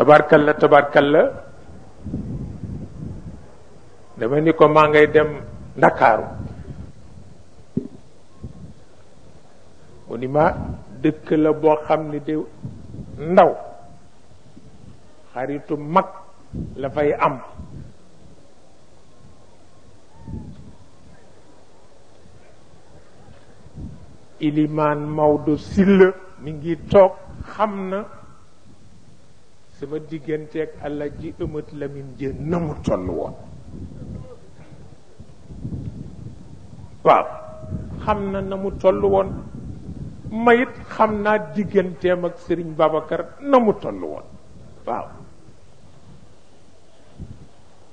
tabarkal la tabarkal la dama ni ko ma ngay dem ndakaaru onima dekk la bo xamni de ndaw xaritu mak la fay am iliman mawdo silla mi ngi tok xamna sama digganteeg allah ji ëmat lamin jën na mu toll woon waaw xam na na mu toll woon mayit xam naa digganteem ak sëriñ Babacar na mu toll woon waaw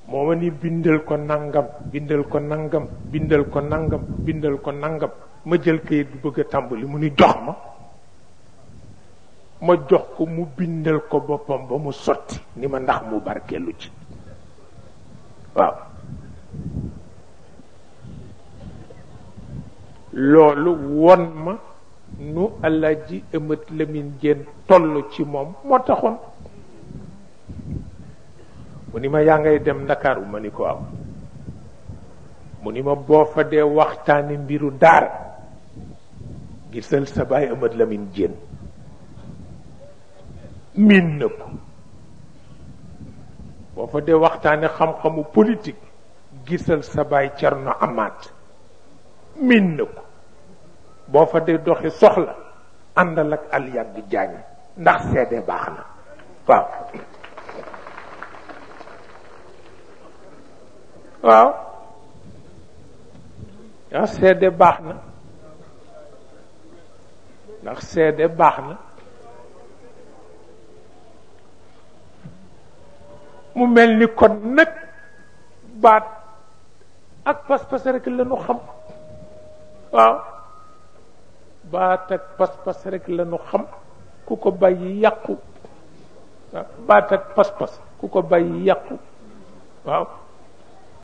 moo ni bindal ko nangam bindal ko nangam bindal ko nangam bindal ko nangam ma jël kayit bi bëgg a tàmbali mu ni jox ma ma jox ko mu bindal ko boppam ba mu sotti ni ma ndax mu barkeelu ci waaw loolu won ma nu Alaaji Ëmat Lamin Jeen toll ci moom moo taxoon mu ni ma yaa ngay dem Ndakaaru ma ni ko am mu ni ma boo fa dee waxtaani mbiru daara gisal sa baay Ëmat Lamin Jeen miin na ko boo fa dee waxtaane xam-xamu politique gisal sa baay Cerno Amaat miin na ko boo fa dee doxi soxla àndal ak al jàng ndax seede baax na waaw waaw ndax seede baax na ndax seede baax na mu mel ni kon nag baat ak pas-pas rek la nu xam waaw baat ak pas-pas rek la nu xam ku ko bàyyi yàqu baat ak pas-pas ku ko bàyyi yàqu waaw